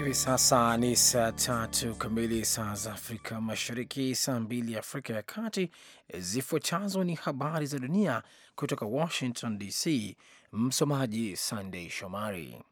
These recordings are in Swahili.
Hivi sasa ni saa tatu kamili saa za Afrika Mashariki, saa mbili Afrika ya Kati. Zifuatazo ni habari za dunia kutoka Washington DC. Msomaji Sandei Shomari.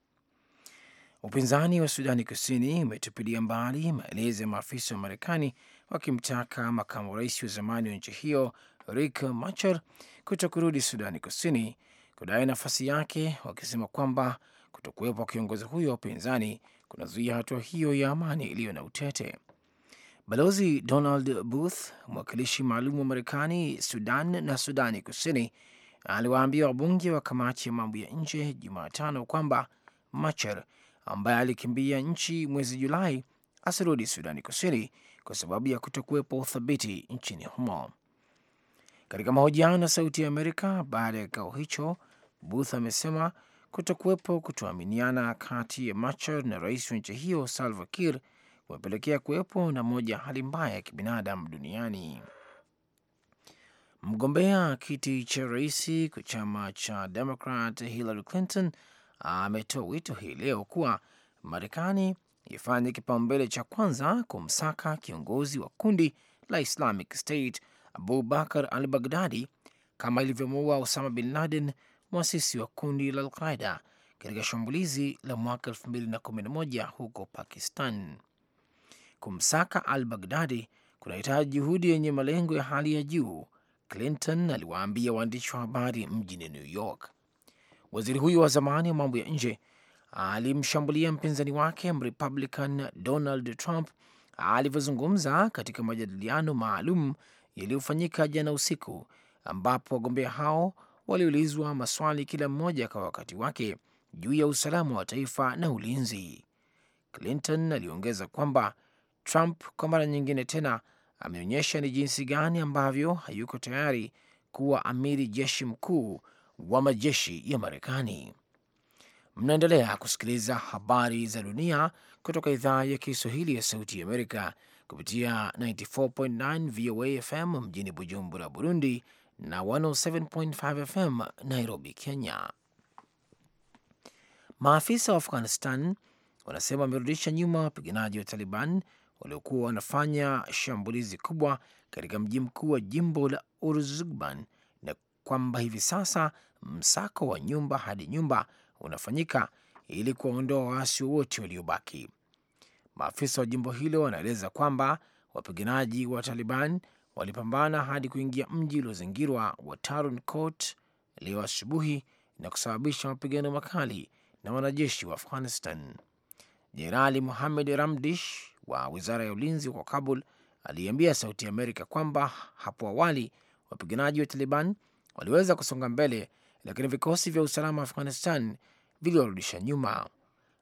Upinzani wa Sudani Kusini umetupilia mbali maelezo ya maafisa wa Marekani wakimtaka makamu rais wa zamani wa nchi hiyo Rik Machar kuto kurudi Sudani Kusini kudai nafasi yake, wakisema kwamba kutokuwepo kwa kiongozi huyo wa upinzani kunazuia hatua hiyo ya amani iliyo na utete. Balozi Donald Booth, mwakilishi maalum wa Marekani Sudan na Sudani Kusini, aliwaambia wabunge wa kamati ya mambo ya nje Jumatano kwamba Machar ambaye alikimbia nchi mwezi Julai asirudi Sudani Kusini kwa sababu ya kutokuwepo uthabiti nchini humo. Katika mahojiano na Sauti ya Amerika baada ya kikao hicho, Booth amesema kutokuwepo kutoaminiana kati ya Machar na rais wa nchi hiyo Salva Kiir kumepelekea kuwepo na moja ya hali mbaya ya kibinadamu duniani. Mgombea kiti cha rais kwa chama cha demokrat Hillary Clinton ametoa wito hii leo kuwa Marekani ifanye kipaumbele cha kwanza kumsaka kiongozi wa kundi la Islamic State Abu Bakar al Baghdadi kama ilivyomuua Osama bin Laden mwasisi wa kundi la Alqaida katika shambulizi la mwaka 2011 huko Pakistan. Kumsaka al Baghdadi kunahitaji juhudi yenye malengo ya hali ya juu, Clinton aliwaambia waandishi wa habari mjini New York. Waziri huyo wa zamani wa mambo ya nje alimshambulia mpinzani wake Mrepublican Donald Trump alivyozungumza katika majadiliano maalum yaliyofanyika jana usiku, ambapo wagombea hao waliulizwa maswali kila mmoja kwa wakati wake juu ya usalama wa taifa na ulinzi. Clinton aliongeza kwamba Trump kwa mara nyingine tena ameonyesha ni jinsi gani ambavyo hayuko tayari kuwa amiri jeshi mkuu wa majeshi ya Marekani. Mnaendelea kusikiliza habari za dunia kutoka idhaa ya Kiswahili ya Sauti ya Amerika kupitia 94.9 VOA FM mjini Bujumbura, Burundi na 107.5 FM Nairobi, Kenya. Maafisa wa Afghanistan wanasema wamerudisha nyuma wapiganaji wa Taliban waliokuwa wanafanya shambulizi kubwa katika mji mkuu wa jimbo la Urzugban na kwamba hivi sasa msako wa nyumba hadi nyumba unafanyika ili kuwaondoa waasi wowote waliobaki. Maafisa wa jimbo hilo wanaeleza kwamba wapiganaji wa Taliban walipambana hadi kuingia mji uliozingirwa wa Tarin Kot leo asubuhi na kusababisha mapigano makali na wanajeshi wa Afghanistan. Jenerali Muhamed Ramdish wa wizara ya ulinzi huko Kabul aliambia Sauti ya Amerika kwamba hapo awali wapiganaji wa Taliban waliweza kusonga mbele, lakini vikosi vya usalama wa Afghanistan viliwarudisha nyuma.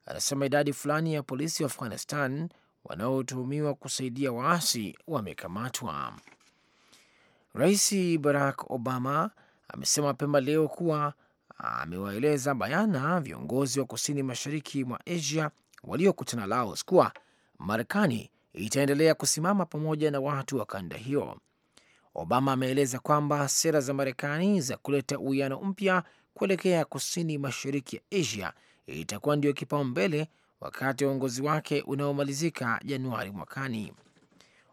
Anasema idadi fulani ya polisi wa Afghanistan wanaotuhumiwa kusaidia waasi wamekamatwa. Rais Barack Obama amesema mapema leo kuwa amewaeleza bayana viongozi wa kusini mashariki mwa Asia waliokutana Laos kuwa Marekani itaendelea kusimama pamoja na watu wa kanda hiyo. Obama ameeleza kwamba sera za Marekani za kuleta uwiano mpya kuelekea kusini mashariki ya Asia itakuwa ndio kipaumbele wakati wa uongozi wake unaomalizika Januari mwakani.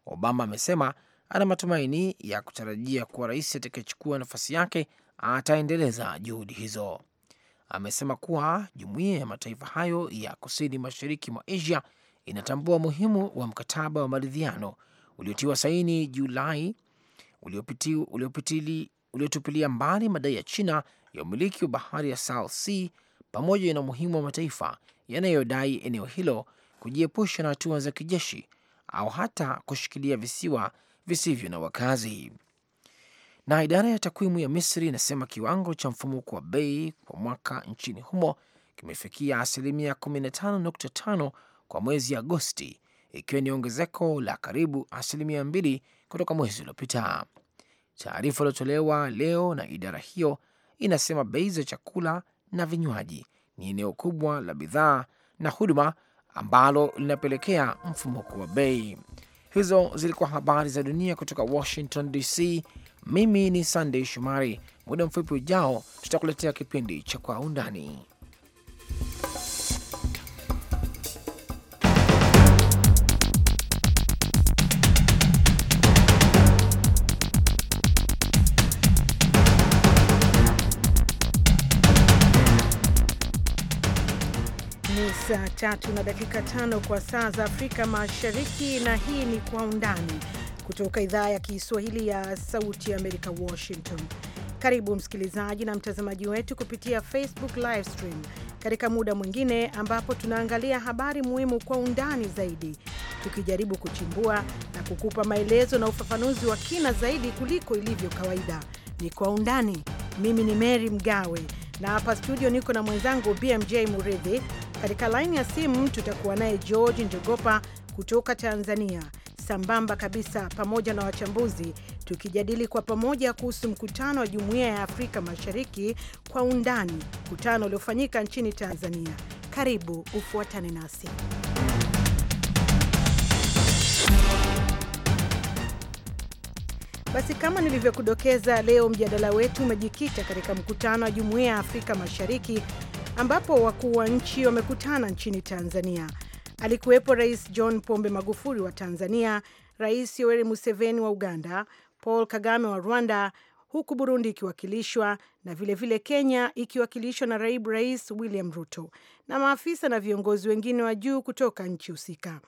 Obama amesema ana matumaini ya kutarajia kuwa rais atakayechukua nafasi yake ataendeleza juhudi hizo. Amesema kuwa jumuiya ya mataifa hayo ya kusini mashariki mwa Asia inatambua umuhimu wa mkataba wa maridhiano uliotiwa saini Julai uliotupilia mbali madai ya China ya umiliki wa bahari ya South Sea pamoja na umuhimu wa mataifa yanayodai eneo hilo kujiepusha na hatua za kijeshi au hata kushikilia visiwa visivyo na wakazi. Na idara ya takwimu ya Misri inasema kiwango cha mfumuko wa bei kwa mwaka nchini humo kimefikia asilimia 15.5 kwa mwezi Agosti, ikiwa ni ongezeko la karibu asilimia 2 kutoka mwezi uliopita. Taarifa iliyotolewa leo na idara hiyo inasema bei za chakula na vinywaji ni eneo kubwa la bidhaa na huduma ambalo linapelekea mfumuko wa bei. Hizo zilikuwa habari za dunia kutoka Washington DC. Mimi ni Sandey Shomari. Muda mfupi ujao, tutakuletea kipindi cha Kwa Undani. Saa tatu na dakika tano kwa saa za Afrika Mashariki, na hii ni Kwa Undani kutoka idhaa ya Kiswahili ya Sauti ya Amerika, Washington. Karibu msikilizaji na mtazamaji wetu kupitia Facebook live stream katika muda mwingine ambapo tunaangalia habari muhimu kwa undani zaidi, tukijaribu kuchimbua na kukupa maelezo na ufafanuzi wa kina zaidi kuliko ilivyo kawaida. Ni Kwa Undani. Mimi ni Mary Mgawe na hapa studio niko na mwenzangu BMJ Muridhi katika laini ya simu tutakuwa naye George Njogopa kutoka Tanzania, sambamba kabisa pamoja na wachambuzi, tukijadili kwa pamoja kuhusu mkutano wa Jumuiya ya Afrika Mashariki kwa undani, mkutano uliofanyika nchini Tanzania. Karibu ufuatane nasi. Basi, kama nilivyokudokeza, leo mjadala wetu umejikita katika mkutano wa Jumuiya ya Afrika Mashariki ambapo wakuu wa nchi wamekutana nchini Tanzania. Alikuwepo Rais John Pombe Magufuli wa Tanzania, Rais Yoweri Museveni wa Uganda, Paul Kagame wa Rwanda, huku Burundi ikiwakilishwa na vilevile vile Kenya ikiwakilishwa na naibu rais William Ruto na maafisa na viongozi wengine wa juu kutoka nchi husika.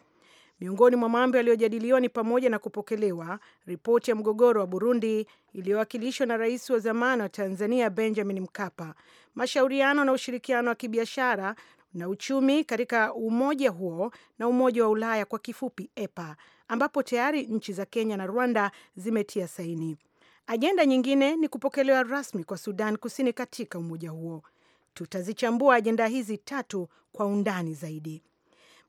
Miongoni mwa mambo yaliyojadiliwa ni pamoja na kupokelewa ripoti ya mgogoro wa Burundi iliyowakilishwa na rais wa zamani wa Tanzania Benjamin Mkapa, mashauriano na ushirikiano wa kibiashara na uchumi katika umoja huo na Umoja wa Ulaya kwa kifupi EPA, ambapo tayari nchi za Kenya na Rwanda zimetia saini. Ajenda nyingine ni kupokelewa rasmi kwa Sudan Kusini katika umoja huo. Tutazichambua ajenda hizi tatu kwa undani zaidi.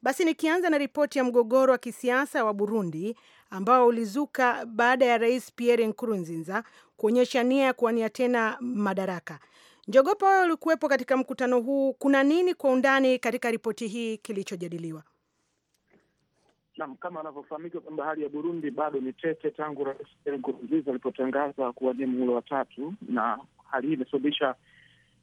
Basi nikianza na ripoti ya mgogoro wa kisiasa wa Burundi ambao ulizuka baada ya Rais Pierre Nkurunziza kuonyesha nia ya kuwania tena madaraka. Njogopa, wewe ulikuwepo katika mkutano huu, kuna nini kwa undani katika ripoti hii kilichojadiliwa? Naam, kama anavyofahamika kwamba hali ya Burundi bado ni tete tangu Rais Pierre Nkurunziza alipotangaza kuwania muhula wa tatu, na hali hii imesababisha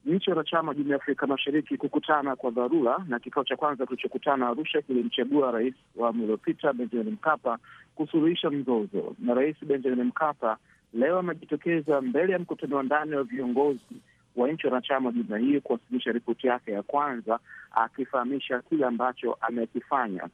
nchi wanachama jumuiya ya Afrika Mashariki kukutana kwa dharura, na kikao cha kwanza kilichokutana Arusha kilimchagua rais wa awamu iliyopita Benjamin Mkapa kusuluhisha mzozo, na Rais Benjamin Mkapa leo amejitokeza mbele ya mkutano wa ndani wa viongozi wa nchi wanachama jumuiya hii kuwasilisha ripoti yake ya kwanza, akifahamisha kile ambacho amekifanya.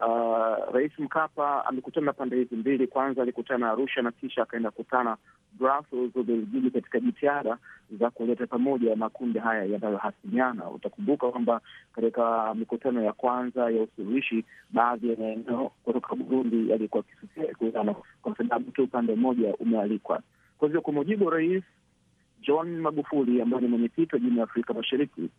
Uh, Rais Mkapa amekutana na pande hizi mbili. Kwanza alikutana Arusha na kisha akaenda kukutana Brussels, Ubelgiji, katika jitihada za kuleta pamoja makundi haya yanayohasimiana. Utakumbuka kwamba katika mikutano ya kwanza ya usuluhishi, baadhi ya maeneo kutoka Burundi yalikuwa akisusia kwa sababu tu upande mmoja umealikwa. Kwa hivyo, kwa mujibu wa Rais John Magufuli ambaye ni mwenyekiti wa Jumuiya ya Afrika Mashariki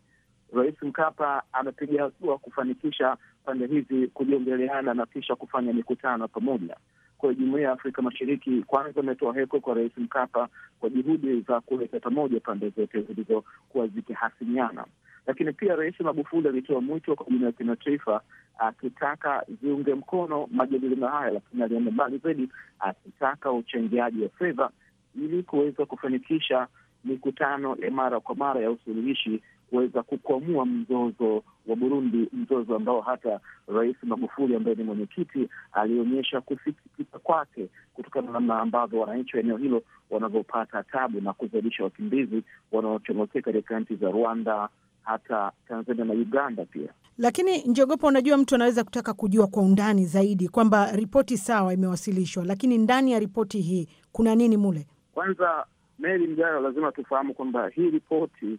Rais Mkapa amepiga hatua kufanikisha pande hizi kujiongeleana na kisha kufanya mikutano pamoja. Kwa jumuiya ya Afrika Mashariki, kwanza ametoa heko kwa Rais Mkapa kwa juhudi za kuleta pamoja pande zote zilizokuwa zikihasimiana, lakini pia Rais Magufuli alitoa mwito kwa jumuiya ya kimataifa akitaka ziunge mkono majadiliano haya, lakini alienda mbali zaidi akitaka uchangiaji wa fedha ili kuweza kufanikisha mikutano ya mara kwa mara ya usuluhishi kuweza kukwamua mzozo wa Burundi, mzozo ambao hata Rais Magufuli ambaye ni mwenyekiti alionyesha kusikitika kwake kutokana na namna ambavyo wananchi wa eneo hilo wanavyopata tabu na kuzalisha wakimbizi wanaochongokea katika nchi za Rwanda, hata Tanzania na Uganda pia. Lakini Njogopa, unajua mtu anaweza kutaka kujua kwa undani zaidi kwamba ripoti sawa imewasilishwa, lakini ndani ya ripoti hii kuna nini mule? Kwanza Meli mjayo lazima tufahamu kwamba hii ripoti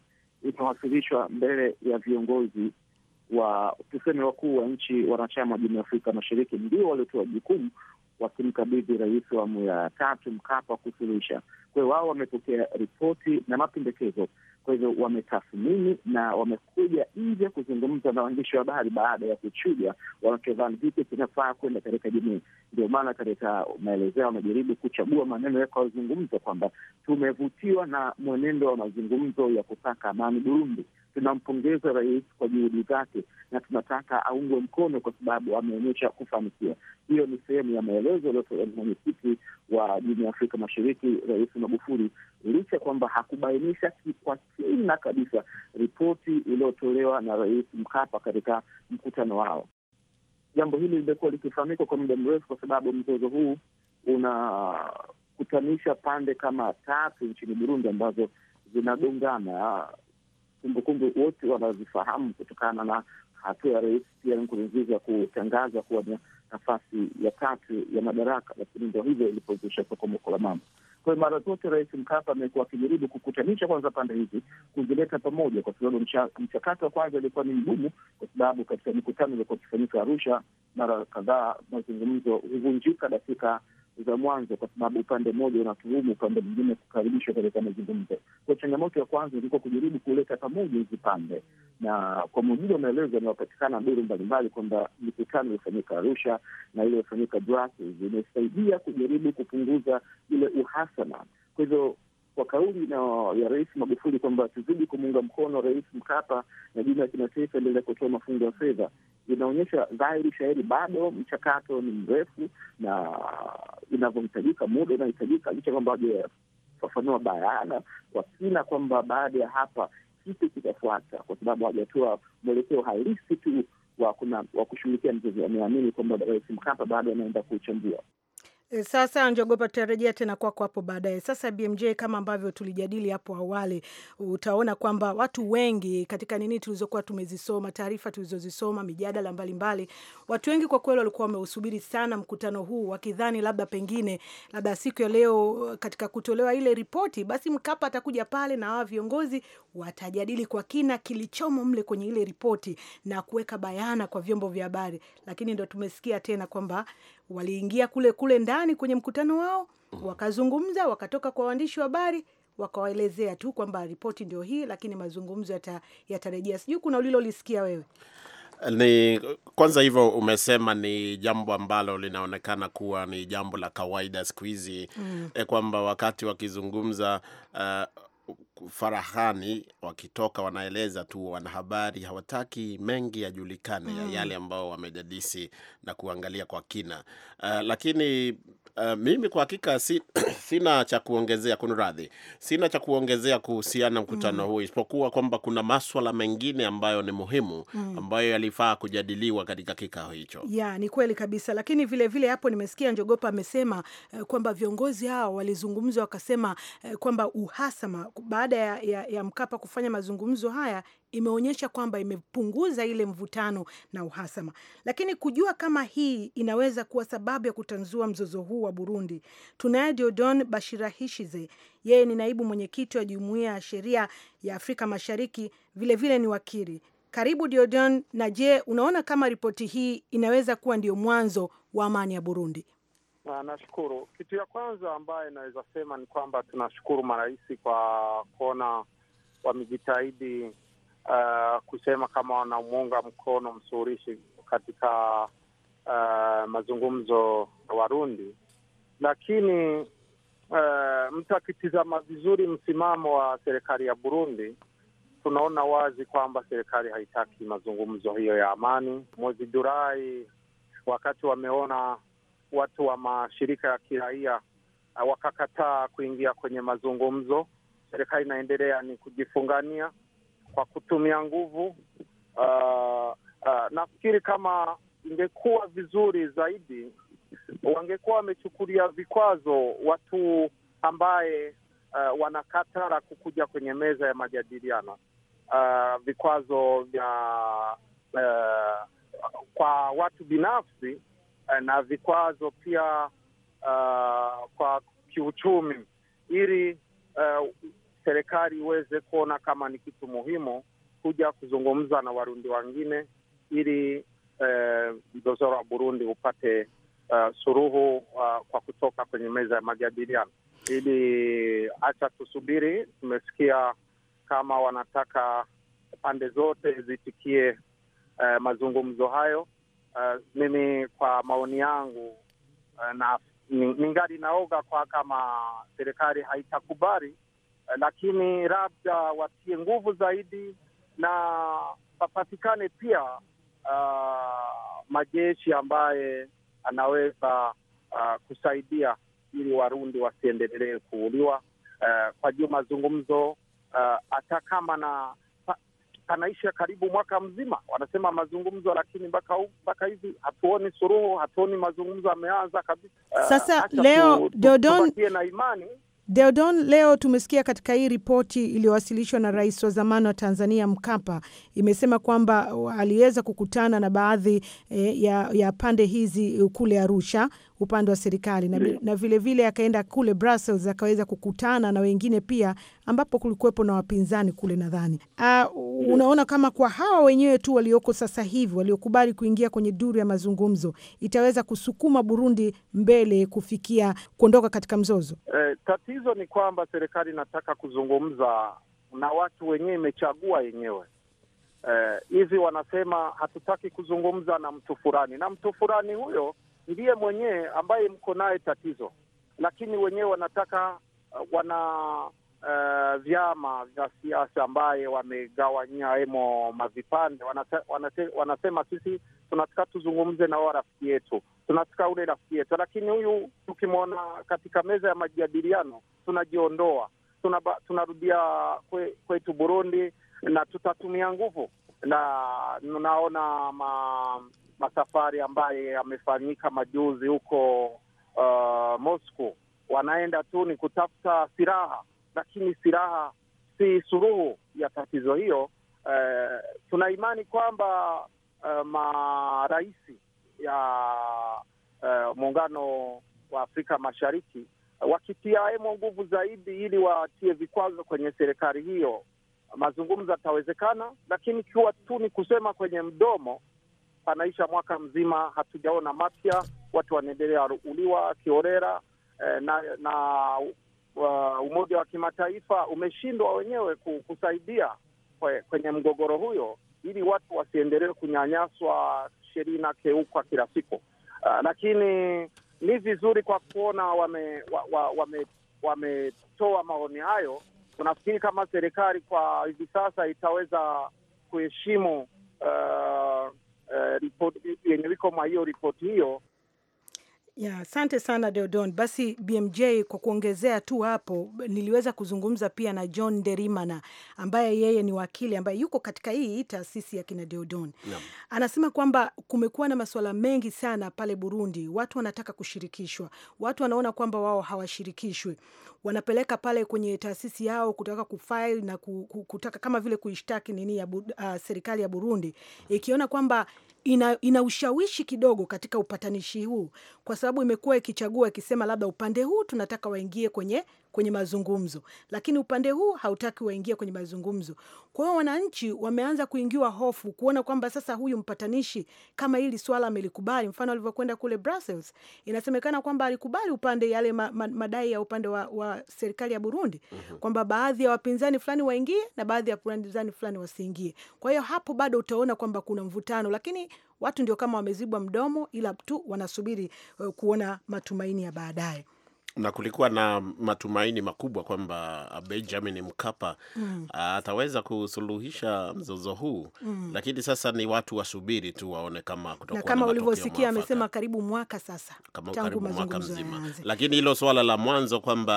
itawasilishwa mbele ya viongozi wa tuseme wakuu wa nchi wanachama wa jumuiya ya Afrika Mashariki ndio waliotoa jukumu wakimkabidhi rais wa awamu ya tatu Mkapa kusuluhisha. Kwa hiyo wao wamepokea ripoti na mapendekezo, kwa hivyo wametathmini na wamekuja nje kuzungumza na waandishi wa habari baada ya kuchuja wanachodhani vipi kinafaa kwenda katika jamii. Ndio maana katika maelezo yao wamejaribu kuchagua maneno ya wazungumza kwamba tumevutiwa na mwenendo wa mazungumzo ya kutaka amani Burundi tunampongeza rais kwa juhudi zake na tunataka aungwe mkono kwa sababu ameonyesha kufanikiwa. Hiyo ni sehemu ya maelezo yaliyotolewa na mwenyekiti wa Jumuiya ya Afrika Mashariki, Rais Magufuli, licha kwamba hakubainisha kwa kina kabisa ripoti iliyotolewa na Rais Mkapa katika mkutano wao. Jambo hili limekuwa likifahamika kwa muda mrefu, kwa sababu mzozo huu unakutanisha pande kama tatu nchini Burundi ambazo zinagongana kumbukumbu wote wanazifahamu kutokana na hatua ya Rais Pierre Nkurunziza kutangaza kuwa na nafasi ya tatu ya madaraka, lakini ndo hivyo ilipozusha sokomoko la mambo. Kwa hiyo mara zote Rais Mkapa amekuwa akijaribu kukutanisha kwanza pande hizi, kuzileta pamoja, kwa sababu mchakato wa kwanza ilikuwa ni mgumu, kwa sababu katika mikutano ilikuwa ikifanyika Arusha mara kadhaa mazungumzo huvunjika dakika za mwanzo, kwa sababu upande mmoja unatuhumu upande mwingine kukaribishwa katika mazungumzo. Kwa changamoto ya kwanza ilikuwa kujaribu kuleta pamoja hizi pande, na kwa mujibu wa maelezo yanayopatikana duru mbalimbali kwamba mikutano iliyofanyika Arusha na ile iliyofanyika Brussels imesaidia kujaribu kupunguza ile uhasama. Kwa hivyo kwa kauli na ya Rais Magufuli kwamba tuzidi kumuunga mkono Rais Mkapa na jumuiya ya kimataifa endelea kutoa mafunzo ya fedha, inaonyesha dhahiri shahiri bado mchakato ni mrefu na inavyohitajika, muda unahitajika, licha kwamba wajafafanua bayana kwa kina kwamba baada ya hapa kitu kitafuata, kwa sababu hajatoa mwelekeo halisi tu wa kushughulikia. ameamini kwamba Rais Mkapa bado anaenda kuchambua sasa Njogopa, tutarejea tena kwako hapo baadaye. Sasa BMJ, kama ambavyo tulijadili hapo awali, utaona kwamba watu wengi katika nini tulizokuwa tumezisoma, taarifa tulizozisoma, mijadala mbalimbali, watu wengi kwa kweli walikuwa wameusubiri sana mkutano huu, wakidhani labda pengine labda siku ya leo katika kutolewa ile ripoti, basi Mkapa atakuja pale na hawa viongozi watajadili kwa kina kilichomo mle kwenye ile ripoti na kuweka bayana kwa vyombo vya habari, lakini ndo tumesikia tena kwamba waliingia kule kule ndani kwenye mkutano wao wakazungumza, wakatoka kwa waandishi wa habari wakawaelezea tu kwamba ripoti ndio hii, lakini mazungumzo yatarejea. Sijui kuna ulilolisikia wewe ni kwanza hivyo umesema ni jambo ambalo linaonekana kuwa ni jambo la kawaida siku hizi mm. E, kwamba wakati wakizungumza uh, farahani wakitoka, wanaeleza tu wanahabari hawataki mengi yajulikane mm. ya yale ambao wamedadisi na kuangalia kwa kina uh, lakini Uh, mimi kwa hakika si, sina cha kuongezea kunradhi, sina cha kuongezea kuhusiana mkutano mm. huu isipokuwa kwamba kuna maswala mengine ambayo ni muhimu mm. ambayo yalifaa kujadiliwa katika kikao hicho. Ya, ni kweli kabisa, lakini vile vile hapo nimesikia Njogopa amesema eh, kwamba viongozi hao walizungumza wakasema eh, kwamba uhasama baada baada ya, ya, ya Mkapa kufanya mazungumzo haya imeonyesha kwamba imepunguza ile mvutano na uhasama, lakini kujua kama hii inaweza kuwa sababu ya kutanzua mzozo huu wa Burundi, tunaye Diodon Bashirahishize. Yeye ni naibu mwenyekiti wa Jumuiya ya Sheria ya Afrika Mashariki, vilevile vile ni wakili. Karibu Diodon. Na je, unaona kama ripoti hii inaweza kuwa ndio mwanzo wa amani ya Burundi? Na nashukuru. Kitu ya kwanza ambayo inaweza sema ni kwamba tunashukuru marais kwa kuona wamejitahidi uh, kusema kama wanamuunga mkono msuluhishi katika uh, mazungumzo ya Warundi, lakini uh, mtu akitizama vizuri msimamo wa serikali ya Burundi tunaona wazi kwamba serikali haitaki mazungumzo hiyo ya amani. Mwezi Julai wakati wameona watu wa mashirika ya kiraia uh, wakakataa kuingia kwenye mazungumzo. Serikali inaendelea ni kujifungania kwa kutumia nguvu. Uh, uh, nafikiri kama ingekuwa vizuri zaidi wangekuwa wamechukulia vikwazo watu ambaye uh, wanakatara kukuja kwenye meza ya majadiliano uh, vikwazo vya uh, kwa watu binafsi Eh, na vikwazo pia uh, kwa kiuchumi, ili uh, serikali iweze kuona kama ni kitu muhimu kuja kuzungumza na Warundi wengine ili mdozoro uh, wa Burundi upate uh, suruhu uh, kwa kutoka kwenye meza ya majadiliano. Ili hacha tusubiri, tumesikia kama wanataka pande zote zitikie uh, mazungumzo hayo uh, mimi kwa maoni yangu uh, na ningali naoga kwa kama serikali haitakubali uh, lakini labda watie nguvu zaidi na papatikane pia uh, majeshi ambaye anaweza uh, kusaidia ili Warundi wasiendelee kuuliwa. Uh, kwa juu mazungumzo uh, hata kama na panaisha karibu mwaka mzima, wanasema mazungumzo, lakini mpaka hivi hatuoni suruhu, hatuoni mazungumzo ameanza kabisa. Eh, Sasa uh, leo Deodon na imani Deodon, leo tumesikia katika hii ripoti iliyowasilishwa na rais wa zamani wa Tanzania Mkapa, imesema kwamba aliweza kukutana na baadhi eh, ya, ya pande hizi kule Arusha upande wa serikali na, yeah. na vile vile akaenda kule Brussels akaweza kukutana na wengine pia, ambapo kulikuwepo na wapinzani kule. Nadhani uh, unaona kama kwa hawa wenyewe tu walioko sasa hivi waliokubali kuingia kwenye duru ya mazungumzo itaweza kusukuma Burundi mbele kufikia kuondoka katika mzozo. Eh, tatizo ni kwamba serikali inataka kuzungumza na watu wenyewe, imechagua yenyewe eh, hivi eh, wanasema hatutaki kuzungumza na mtu fulani na mtu fulani huyo ndiye mwenyewe ambaye mko naye tatizo, lakini wenyewe wanataka uh, wana uh, vyama vya siasa ambaye wamegawanyia emo mavipande, wanasema, wanasema sisi tunataka tuzungumze na wao rafiki yetu, tunataka ule rafiki yetu, lakini huyu tukimwona katika meza ya majadiliano tunajiondoa, tunarudia tuna kwetu Burundi, na tutatumia nguvu na naona masafari ambaye yamefanyika majuzi huko uh, Moscow. Wanaenda tu ni kutafuta silaha, lakini silaha si suluhu ya tatizo hiyo. Uh, tuna imani kwamba uh, maraisi ya uh, muungano wa Afrika Mashariki wakitia wakitiaemo nguvu zaidi ili watie vikwazo kwenye serikali hiyo, mazungumzo yatawezekana, lakini ikiwa tu ni kusema kwenye mdomo panaisha mwaka mzima, hatujaona mapya, watu wanaendelea uliwa kiorera eh, na, na uh, umoja wa kimataifa umeshindwa wenyewe kusaidia kwenye mgogoro huyo ili watu wasiendelee kunyanyaswa, sheria inakeukwa kila siku. Uh, lakini ni vizuri kwa kuona wametoa wa, wa, wame, wame maoni hayo. Unafikiri kama serikali kwa hivi sasa itaweza kuheshimu ah, Eh, ripoti yenye viko mwa hiyo ripoti hiyo Ya, asante sana Deodon. Basi BMJ, kwa kuongezea tu hapo, niliweza kuzungumza pia na John Derimana ambaye yeye ni wakili ambaye yuko katika hii taasisi ya kina Deodon. Anasema kwamba kumekuwa na masuala mengi sana pale Burundi, watu wanataka kushirikishwa, watu wanaona kwamba wao hawashirikishwi, wanapeleka pale kwenye taasisi yao kutaka kufile na kutaka kama vile kuishtaki nini ya, uh, serikali ya Burundi ikiona kwamba ina, ina ushawishi kidogo katika upatanishi huu, kwa sababu imekuwa ikichagua ikisema labda upande huu tunataka waingie kwenye kwenye mazungumzo, lakini upande huu hautaki waingie kwenye mazungumzo. Kwa hiyo wananchi wameanza kuingiwa hofu, kuona kwamba sasa huyu mpatanishi kama hili swala amelikubali, mfano alivyokwenda kule Brussels, inasemekana kwamba alikubali upande yale ma, ma, madai ya upande wa, wa serikali ya Burundi mm-hmm. kwamba baadhi ya wapinzani fulani waingie na baadhi ya wapinzani fulani wasiingie. Kwa hiyo hapo bado utaona kwamba kuna mvutano, lakini watu ndio kama wamezibwa mdomo, ila tu wanasubiri uh, kuona matumaini ya baadaye na kulikuwa na matumaini makubwa kwamba Benjamin Mkapa mm. ataweza kusuluhisha mzozo huu mm. Lakini sasa ni watu wasubiri tu waone kama kutakuwa na kama ulivyosikia amesema karibu mwaka sasa, kama tangu mwaka mzima. Lakini hilo swala la mwanzo kwamba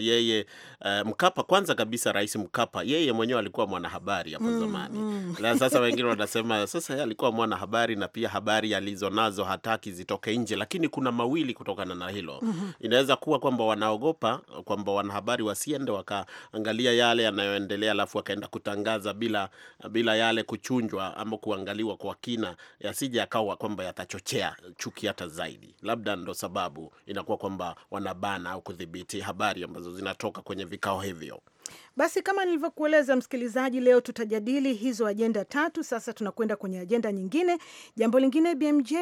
yeye uh, Mkapa kwanza kabisa, Rais Mkapa yeye mwenyewe alikuwa mwanahabari hapo mm. zamani mm. na sasa wengine wanasema sasa yeye alikuwa mwanahabari na pia habari alizonazo hataki zitoke nje, lakini kuna mawili kutokana na hilo mm -hmm. inaweza kuwa ilikuwa kwamba wanaogopa kwamba wanahabari wasiende wakaangalia yale yanayoendelea, alafu wakaenda kutangaza bila bila yale kuchunjwa ama kuangaliwa kwa kina, yasije yakawa kwamba yatachochea chuki hata zaidi. Labda ndo sababu inakuwa kwamba wanabana au kudhibiti habari ambazo zinatoka kwenye vikao hivyo. Basi kama nilivyokueleza msikilizaji, leo tutajadili hizo ajenda tatu. Sasa tunakwenda kwenye ajenda nyingine. Jambo lingine BMJ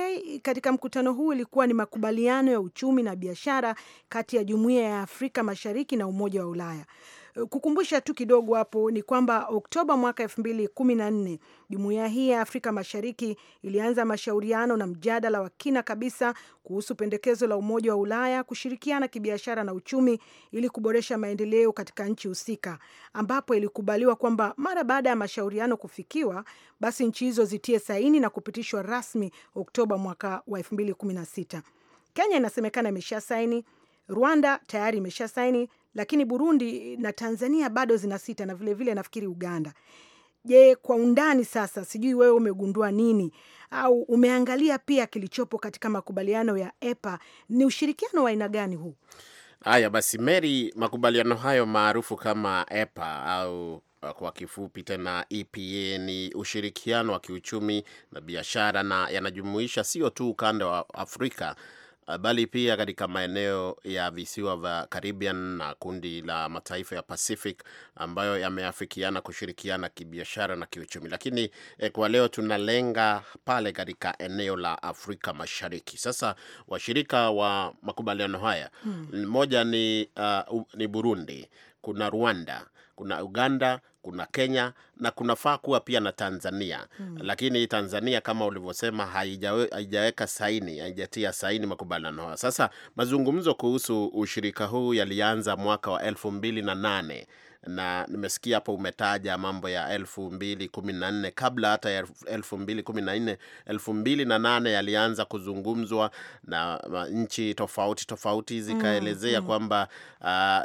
katika mkutano huu ilikuwa ni makubaliano ya uchumi na biashara kati ya Jumuiya ya Afrika Mashariki na Umoja wa Ulaya. Kukumbusha tu kidogo hapo ni kwamba Oktoba mwaka elfu mbili kumi na nne jumuiya hii ya Afrika Mashariki ilianza mashauriano na mjadala wa kina kabisa kuhusu pendekezo la Umoja wa Ulaya kushirikiana kibiashara na uchumi ili kuboresha maendeleo katika nchi husika, ambapo ilikubaliwa kwamba mara baada ya mashauriano kufikiwa, basi nchi hizo zitie saini na kupitishwa rasmi Oktoba mwaka wa sita. Kenya inasemekana imesha saini, Rwanda tayari imesha saini lakini Burundi na Tanzania bado zina sita na vilevile vile nafikiri Uganda. Je, kwa undani sasa, sijui wewe umegundua nini au umeangalia pia kilichopo katika makubaliano ya EPA? Ni ushirikiano wa aina gani huu? Haya basi, Mary, makubaliano hayo maarufu kama EPA au kwa kifupi tena EPA ni ushirikiano wa kiuchumi na biashara, na yanajumuisha sio tu ukanda wa Afrika Eh, bali pia katika maeneo ya visiwa vya Caribbean na kundi la mataifa ya Pacific ambayo yameafikiana kushirikiana kibiashara na kiuchumi. Lakini eh, kwa leo tunalenga pale katika eneo la Afrika Mashariki. Sasa washirika wa makubaliano haya hmm, moja ni, uh, ni Burundi, kuna Rwanda kuna Uganda, kuna Kenya na kunafaa kuwa pia na Tanzania mm. Lakini Tanzania kama ulivyosema, haijaweka saini, haijatia saini makubaliano hayo. Sasa mazungumzo kuhusu ushirika huu yalianza mwaka wa elfu mbili na nane na nimesikia hapo umetaja mambo ya elfu mbili kumi na nne kabla hata ya elfu mbili kumi na nne elfu mbili na nane yalianza kuzungumzwa na nchi tofauti tofauti zikaelezea mm, -hmm. kwamba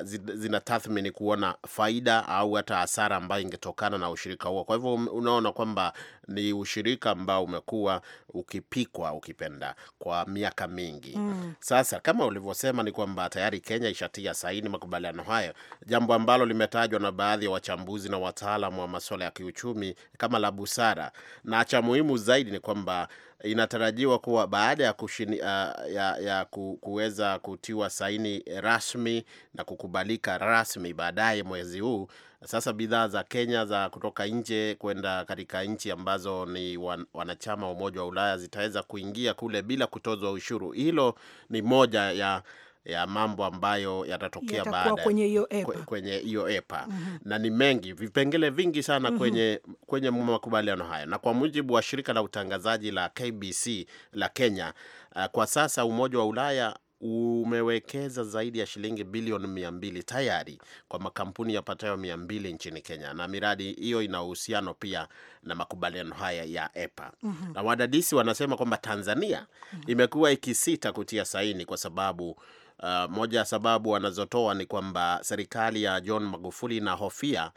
uh, zina tathmini kuona faida au hata hasara ambayo ingetokana na ushirika huo. Kwa hivyo um, unaona kwamba ni ushirika ambao umekuwa ukipikwa ukipenda kwa miaka mingi mm. Sasa kama ulivyosema ni kwamba tayari Kenya ishatia saini makubaliano hayo, jambo ambalo limetaja limetajwa na baadhi ya wa wachambuzi na wataalam wa masuala ya kiuchumi kama la busara, na cha muhimu zaidi ni kwamba inatarajiwa kuwa baada ya, kushini, uh, ya, ya kuweza kutiwa saini rasmi na kukubalika rasmi baadaye mwezi huu, sasa bidhaa za Kenya za kutoka nje kwenda katika nchi ambazo ni wan, wanachama wa Umoja wa Ulaya zitaweza kuingia kule bila kutozwa ushuru. Hilo ni moja ya ya mambo ambayo yatatokea baada kwenye hiyo EPA, kwenye hiyo EPA. Mm -hmm. Na ni mengi vipengele vingi sana mm -hmm. kwenye, kwenye makubaliano haya, na kwa mujibu wa shirika la utangazaji la KBC la Kenya, uh, kwa sasa Umoja wa Ulaya umewekeza zaidi ya shilingi bilioni mia mbili tayari kwa makampuni yapatayo mia mbili nchini Kenya, na miradi hiyo ina uhusiano pia na makubaliano haya ya EPA. mm -hmm. Na wadadisi wanasema kwamba Tanzania mm -hmm. imekuwa ikisita kutia saini kwa sababu Uh, moja ya sababu wanazotoa ni kwamba serikali ya John Magufuli inahofia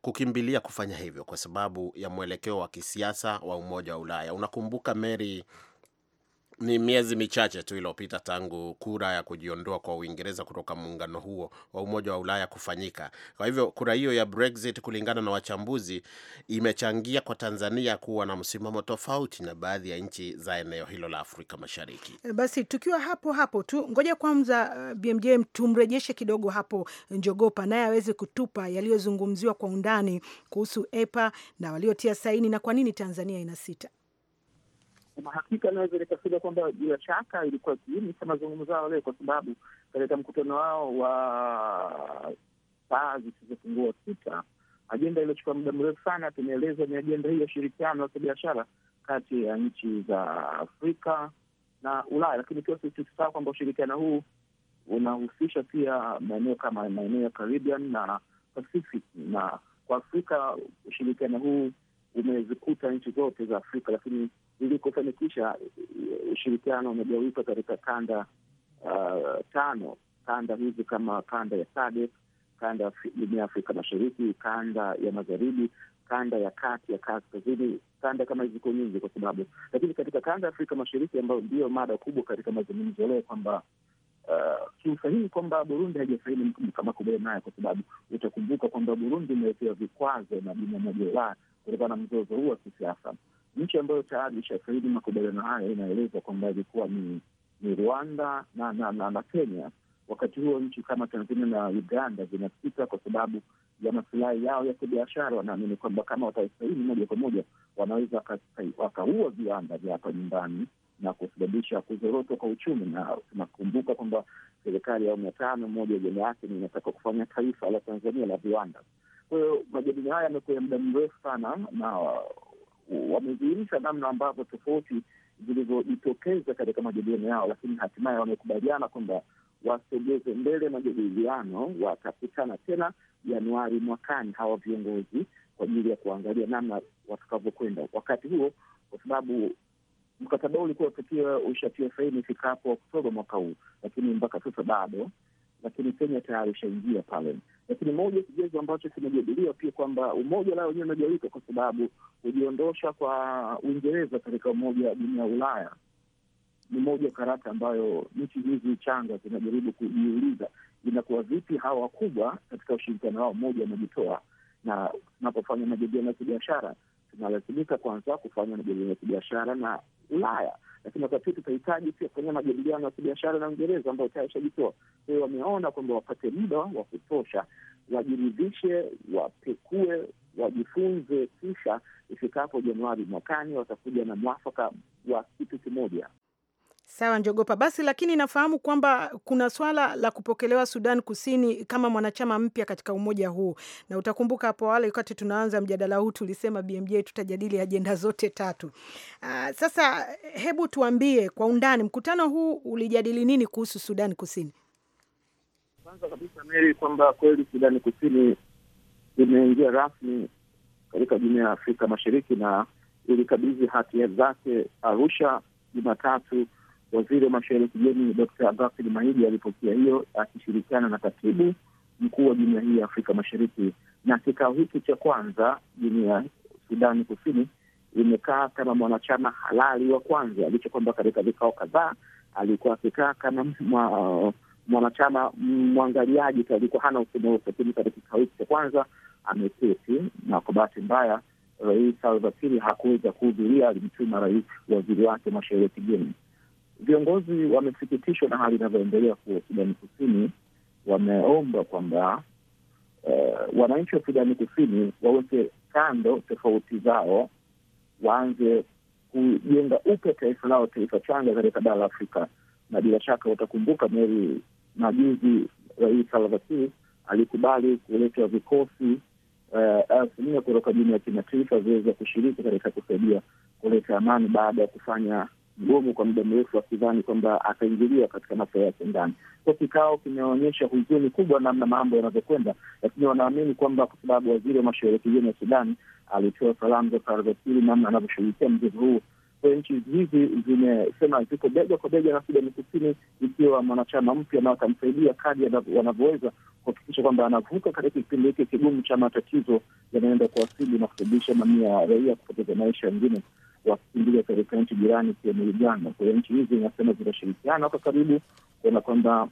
kukimbilia kufanya hivyo kwa sababu ya mwelekeo wa kisiasa wa Umoja wa Ulaya. Unakumbuka Mary ni miezi michache tu iliyopita tangu kura ya kujiondoa kwa Uingereza kutoka muungano huo wa Umoja wa Ulaya kufanyika. Kwa hivyo kura hiyo ya Brexit, kulingana na wachambuzi, imechangia kwa Tanzania kuwa na msimamo tofauti na baadhi ya nchi za eneo hilo la Afrika Mashariki. Eh, basi tukiwa hapo hapo tu, ngoja kwanza eh, BMJ tumrejeshe kidogo hapo Njogopa, naye aweze kutupa yaliyozungumziwa kwa undani kuhusu EPA na waliotia saini na kwa nini Tanzania inasita. Kwa hakika naweza nikafika kwamba bila shaka ilikuwa kiini cha mazungumzo ao leo, kwa sababu katika mkutano wao wa saa zisizopungua sita, ajenda iliyochukua muda mrefu sana tumeelezwa ni ajenda hii ya ushirikiano wa kibiashara kati ya nchi za Afrika na Ulaya, lakini pia tusisahau kwamba ushirikiano huu unahusisha pia maeneo kama maeneo ya Caribbean na Pacific, na kwa Afrika ushirikiano huu umezikuta nchi zote za Afrika lakini kufanikisha eh, ushirikiano umegawika katika kanda uh, tano. Kanda hizi kama kanda ya SADC, kanda ya jumuiya Afrika Mashariki, kanda ya magharibi, kanda ya kati, ya kaskazini. Kanda kama hizi ziko nyingi kwa sababu, lakini katika kanda ya Afrika Mashariki ambayo ndiyo mada kubwa katika mazungumzo leo kwamba Uh, kiusahihi kwamba Burundi haijasaini makubaliano haya kwa sababu utakumbuka kwamba Burundi imewekewa vikwazo na jumuiya ya kutokana na mzozo huu wa kisiasa. Nchi ambayo tayari ishasaini makubaliano hayo inaeleza kwamba ilikuwa ni, ni Rwanda na, na, na, na Kenya. Wakati huo nchi kama Tanzania na Uganda zinapita kwa sababu ya masilahi yao ya kibiashara. Wanaamini kwamba kama wataisaini moja kwa moja wanaweza wakaua viwanda vya hapa nyumbani na kusababisha kuzorotwa kwa uchumi. Na tunakumbuka kwamba serikali ya awamu ya tano, moja ajenda yake ni inataka kufanya taifa la Tanzania la viwanda. Kwa hiyo haya yamekuwa ya muda mrefu sana na wamedhihirisha namna ambavyo tofauti zilizojitokeza katika majadiliano yao, lakini hatimaye wamekubaliana kwamba wasogeze mbele majadiliano, watakutana tena Januari mwakani hawa viongozi kwa ajili ya kuangalia namna watakavyokwenda. Wakati huo, kwa sababu mkataba huu ulikuwa utakiwa ushatia saini ifikapo Oktoba mwaka huu, lakini mpaka sasa bado lakini Kenya tayari ishaingia pale. Lakini moja kigezo ambacho kimejadiliwa pia kwamba umoja lao wenyewe umegawika kwa sababu kujiondosha kwa Uingereza katika umoja wa jumuiya ya Ulaya ni moja ya karata ambayo nchi hizi changa zinajaribu kujiuliza inakuwa vipi hawa wakubwa katika ushirikiano wao mmoja wamejitoa, na tunapofanya majadiliano ya kibiashara tunalazimika kwanza kufanya majadiliano ya kibiashara na Ulaya lakini wakati huu tutahitaji pia kufanya majadiliano ya kibiashara na Uingereza ambayo tayari ishajitoa. Kwa hiyo wameona kwamba wapate muda wa kutosha, wajiridhishe, wapekue, wajifunze, kisha ifikapo Januari mwakani watakuja na mwafaka wa kitu kimoja. Sawa Njogopa, basi lakini nafahamu kwamba kuna swala la kupokelewa Sudan Kusini kama mwanachama mpya katika umoja huu, na utakumbuka hapo awali wakati tunaanza mjadala huu tulisema BMJ tutajadili ajenda zote tatu. Aa, ah, sasa hebu tuambie kwa undani, mkutano huu ulijadili nini kuhusu Sudan Kusini? Kwanza kabisa Meri, kwamba kweli Sudani Kusini imeingia rasmi katika Jumuiya ya Afrika Mashariki na ilikabidhi hati zake Arusha Jumatatu Waziri wa mashauri ya kigeni d Abasil Maidi alipokea hiyo akishirikiana na katibu mkuu wa jumuiya hii ya Afrika Mashariki. Na kikao hiki cha kwanza, jumuiya Sudani Kusini imekaa kama mwanachama halali wa kwanza, licha kwamba katika vikao kadhaa alikuwa akikaa kama mwanachama mwangaliaji, alikuwa hana usemi wote, lakini katika kikao hiki cha kwanza ameketi, na kwa bahati mbaya Rais Salva Kiir hakuweza kuhudhuria, alimtuma rais waziri wake mashauri ya kigeni Viongozi wamesikitishwa na hali inavyoendelea Sudani Kusini, wameomba kwamba eh, wananchi wa Sudani Kusini waweke kando tofauti zao, waanze kujenga upya taifa lao, taifa changa katika bara la Afrika. Na bila shaka utakumbuka Meri, majuzi Rais Salva Kiir alikubali kuletwa vikosi elfu uh, kutoka jumuiya ya kimataifa viweza kushiriki katika kusaidia kuleta amani baada ya kufanya mgomo kwa muda mrefu, akidhani kwamba ataingiliwa katika maswala yake ndani Kwa kikao kimeonyesha huzuni kubwa namna mambo yanavyokwenda, lakini wanaamini kwamba kwa sababu waziri wa mashauri ya kigeni ya Sudani alitoa salamu za taradhasiri namna anavyoshughulikia mzozo huu kwa nchi hizi zimesema ziko bega kwa bega na Sudani Kusini, ikiwa mwanachama mpya na watamsaidia kadi wanavyoweza kuhakikisha kwamba anavuka katika kipindi hiki kigumu cha matatizo yanaenda kuwasili na kusababisha mamia ya raia kupoteza maisha wengine wa kukimbilia katika nchi jirani ikiwemo Uganda. Kwa hiyo nchi hizi inasema zitashirikiana kwa karibu kuona kwamba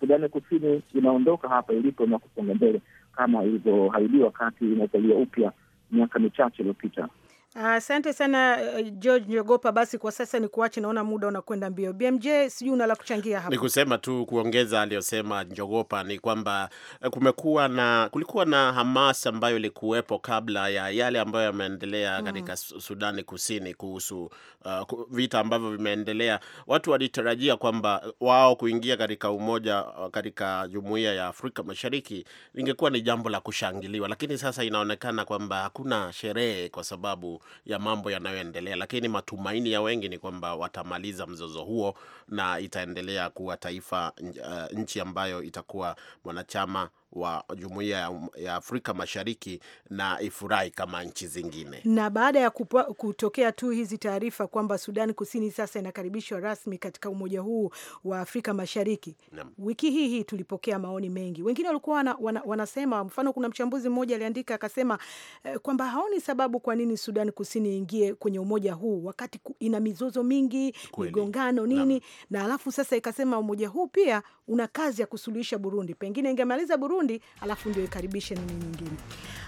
Sudani Kusini inaondoka hapa ilipo na kusonga mbele kama ilivyoahidiwa wakati inazaliwa upya miaka michache iliyopita. Asante uh, sana uh, George Njogopa. Basi kwa sasa ni kuache, naona muda unakwenda mbio. BMJ, sijui una la kuchangia hapa. Ni kusema tu kuongeza aliyosema Njogopa ni kwamba eh, kumekuwa na kulikuwa na hamasa ambayo ilikuwepo kabla ya yale ambayo yameendelea mm. katika Sudani Kusini kuhusu uh, vita ambavyo vimeendelea. Watu walitarajia kwamba wao kuingia katika umoja katika Jumuiya ya Afrika Mashariki ingekuwa ni jambo la kushangiliwa, lakini sasa inaonekana kwamba hakuna sherehe kwa sababu ya mambo yanayoendelea, lakini matumaini ya wengi ni kwamba watamaliza mzozo huo na itaendelea kuwa taifa, eh, nchi ambayo itakuwa mwanachama wa Jumuiya ya Afrika Mashariki na ifurahi kama nchi zingine. Na baada ya kupa, kutokea tu hizi taarifa kwamba Sudani Kusini sasa inakaribishwa rasmi katika umoja huu wa Afrika Mashariki na, wiki hii hii tulipokea maoni mengi, wengine walikuwa wana, wana, wanasema mfano, kuna mchambuzi mmoja aliandika akasema eh, kwamba haoni sababu kwa nini Sudani Kusini iingie kwenye umoja huu wakati ina mizozo mingi, migongano nini na, na alafu sasa ikasema umoja huu pia una kazi ya kusuluhisha Burundi, pengine ingemaliza Burundi makundi, alafu ndio ikaribishe nini nyingine.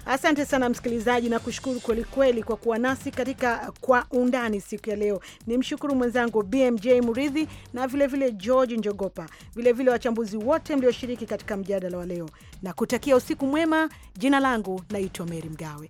Asante sana msikilizaji, na kushukuru kwelikweli kwa kuwa nasi katika kwa undani siku ya leo. Ni mshukuru mwenzangu BMJ Muridhi na vilevile vile George Njogopa, vilevile wachambuzi wote mlioshiriki katika mjadala wa leo, na kutakia usiku mwema. Jina langu naitwa Meri Mgawe.